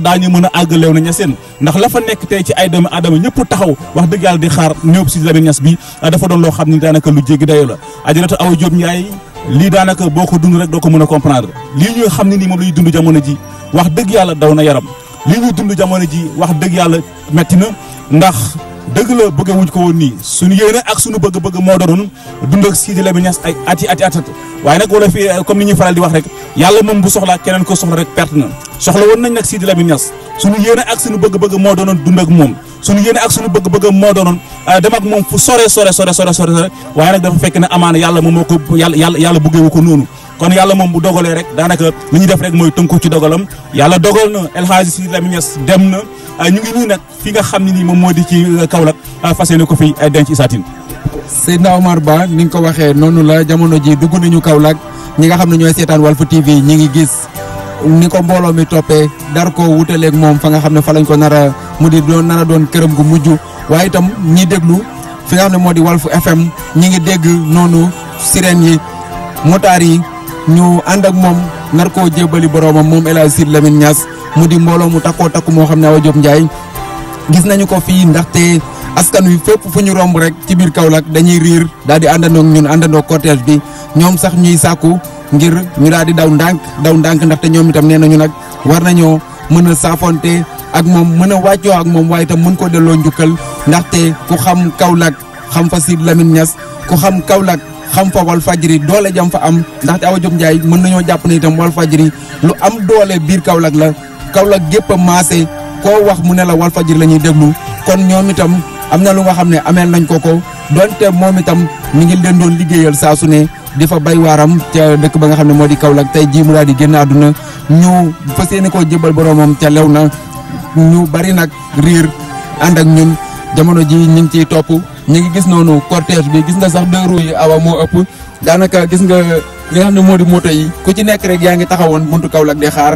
ndax ñu mën a àgg Léona Niassène ndax la fa nekk tey ci ay doomu aadama ñëpp taxaw wax dëgg yàlla di xaar néew si Lamine Niass bi dafa doon loo xam ni daanaka lu jéggi dayoo la ajaratu aw Diop Ndiaye lii daanaka boo ko dund rek doo ko mën a comprendre lii ñuy xam ne nii moom la ñuy dund jamono ji wax dëgg yàlla daw na yaram lii ñuy dund jamono ji wax dëgg yàlla metti na ndax dëgg la bëgg wuñ ko woon nii suñu yéene ak suñu bëgg-bëgg moo doon dund ak Sidi Lamine Niass ay ati ati at waaye nag wala fi comme ni ñuy faral di wax rek yàlla moom bu soxla keneen ko soxla rek perte na soxla woon nañ nag Sidi Lamine Niass suñu yéene ak suñu bëgg-bëgg moo doonoon dund ak moom suñu yéene ak suñu bëgg-bëgg moo doonoon ah, dem ak moom fu sore sore sore sore sore waaye nag dafa fekk ne amaana yàlla moom moo ko yàlla yàlla bëggewu ko noonu kon yàlla moom bu dogalee rek daanaka li ñu def rek mooy tënku ci dogalam yàlla dogal na El Hadj Sidi Lamine Niass dem na ah, ñu ngi nii nag fi nga xam ne nii moom moo di ci euh, Kaolack ah, fas yéene ko fi eh, denc Isatine. Seydina Omar Ba ni nga ko waxee noonu la jamono ji dugg nañu Kaolack ñi nga xam ne ñooy seetaan Walf TV ñi ngi gis ni ko mbooloo mi toppee dar ko wutaleeg moom fa nga xam ne fa lañ ko nara mu di doon nar doon këram gu mujj waaye itam ñi déglu fi nga xam ne moo di Walf FM ñi ngi dégg noonu sirène yi motaar ñu ànd ak moom nar koo jébbali boroomam moom El Hadj Sidy Lamine mu di mbooloo mu takkoo takku moo xam ne Awa Diop Ndiaye gis nañu ko fii ndaxte askan wi fépp fu ñu romb rek ci biir Kaolack dañuy riir daal di àndandoo ñun àndandoo cortège bi ñoom sax ñuy sàkku ngir ñu daal di daw ndànk daw ndànk ndaxte ñoom itam nee nañu nag war nañoo mën a saafonte ak moom mën a wàccoo ak moom waaye itam mën ko delloo njukkal ndaxte ku xam Kaolack xam fa Sidy Lamine Niass ku xam Kaolack xam fa wal fajri doole jam fa am ndaxte a Diop Ndiaye mën nañoo jàpp ne itam wal fajri lu am doole biir Kaolack la Kaolack gépp a maase koo wax mu ne la wal fajri la ñuy déglu kon ñoom itam am na lu nga xam ne amee nañ ko ko donte moom itam mi ngi leen doon liggéeyal saa su ne di fa bay waaram ca dëkk ba nga xam ne moo di Kaolack tey jii mu daal di génn àdduna ñu fas yéene koo jébal boroomam ca lew na ñu bari nag riir ànd ak ñun jamono ji ñu ngi ciy topp ñu ngi gis noonu cortège bi gis nga sax deux yi awa moo ëpp daanaka gis nga li nga xam ne moo di moto yi ku ci nekk rek yaa ngi taxawoon buntu Kaolack di xaar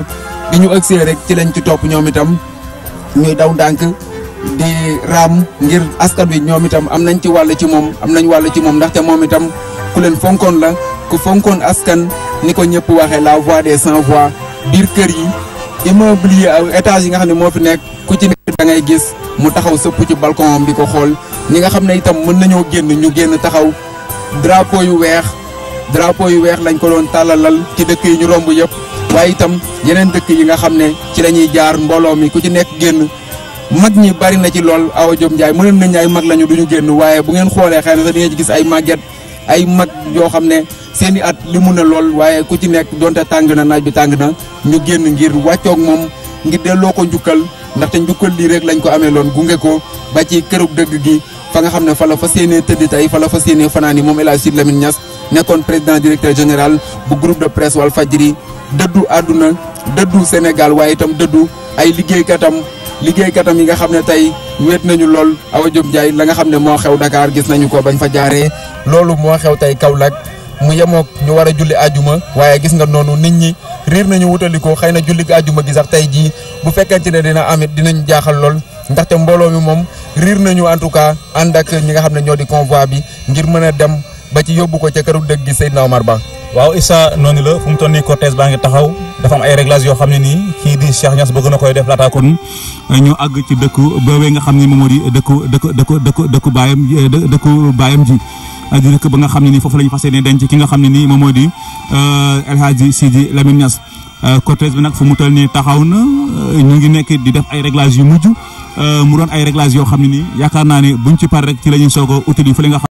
bi ñu ëgsee rek ci lañ ci topp ñoom itam ñuy daw ndànk di raam ngir askan wi ñoom itam am nañ ci wàll ci moom am nañ wàll ci moom ndaxte moom itam ku leen fonkoon la ku fonkoon askan ni ko ñëpp waxee la voix des sans voix biir kër yi immobilier ak étage yi nga xam ne moo fi nekk ku ci nekk da ngay gis mu taxaw sëpp ci balcon bi ko xool ñi nga xam ne itam mën nañoo génn ñu génn taxaw drapeau yu weex drapeau yu weex lañ ko doon tàllalal ci dëkk yi ñu romb yëpp waaye itam yeneen dëkk yi nga xam ne ci lañuy jaar mbooloo mi ku ci nekk génn mag ñi bari na ci lool Awa Diop Ndiaye mënoon nañ ay mag lañu duñu génn waaye bu ngeen xoolee xëy na sax di ngeen ci gis ay màgget ay mag yoo xam ne seeni at li mun na lool waaye ku ci nekk donte tàng na naaj bi tàng na ñu génn ngir wàccoog moom ngir delloo ko njukkal ndaxte njukkal lii rek lañ ko amee loon gunge ko ba ci kërug dëgg gi fa nga xam ne fa la fas yéenee tëdd tey fa la fas yéenee fanaan yi moom El Hadj Sidy Lamine Niass nekkoon président directeur général bu groupe de presse Walfadjri dëddu àdduna dëddu Sénégal waaye itam dëddu ay liggéeykatam liggéeykatam yi nga xam ne tey wéet nañu lool Awa Diop Ndiaye la nga xam ne moo xew Dakar gis nañu ko bañ fa jaaree loolu moo xew tey Kaolack mu yemook ñu war a julli ajuma waaye gis nga noonu nit ñi riir nañu wutali ko xëy na julli ajuma gi sax tey jii bu fekkente ne dina amit dinañ jaaxal lool ndaxte mbooloo mi moom riir nañu en tout cas ànd ak ñi nga xam ne ñoo di convoi bi ngir mën a dem ba ci yóbbu ko ca këru dëgg gi Seydina Omar Ba. waaw Issa noonu la fu mu toll nii baa ngi taxaw dafa ay réglages yoo xam ne nii kii di Cheikh Niass bëgg na koy def laataa kon ñu àgg ci dëkku boobee nga xam ne moom moo di dëkku dëkku dëkku dëkku dëkku baayam dëkku baayam ji. di ba nga xam ne nii foofu la ñu fas yéene ki nga xam ne nii moom moo di euh, El Hadji Sidi Lamine Niass euh, cortège bi nag fu mu toll nii taxaw na ñu ngi nekk di def ay réglages yu mujj. Euh, mu doon ay réglage yoo xam ne nii yaakaar naa ne buñ ci par rek ci la a utili fa li nga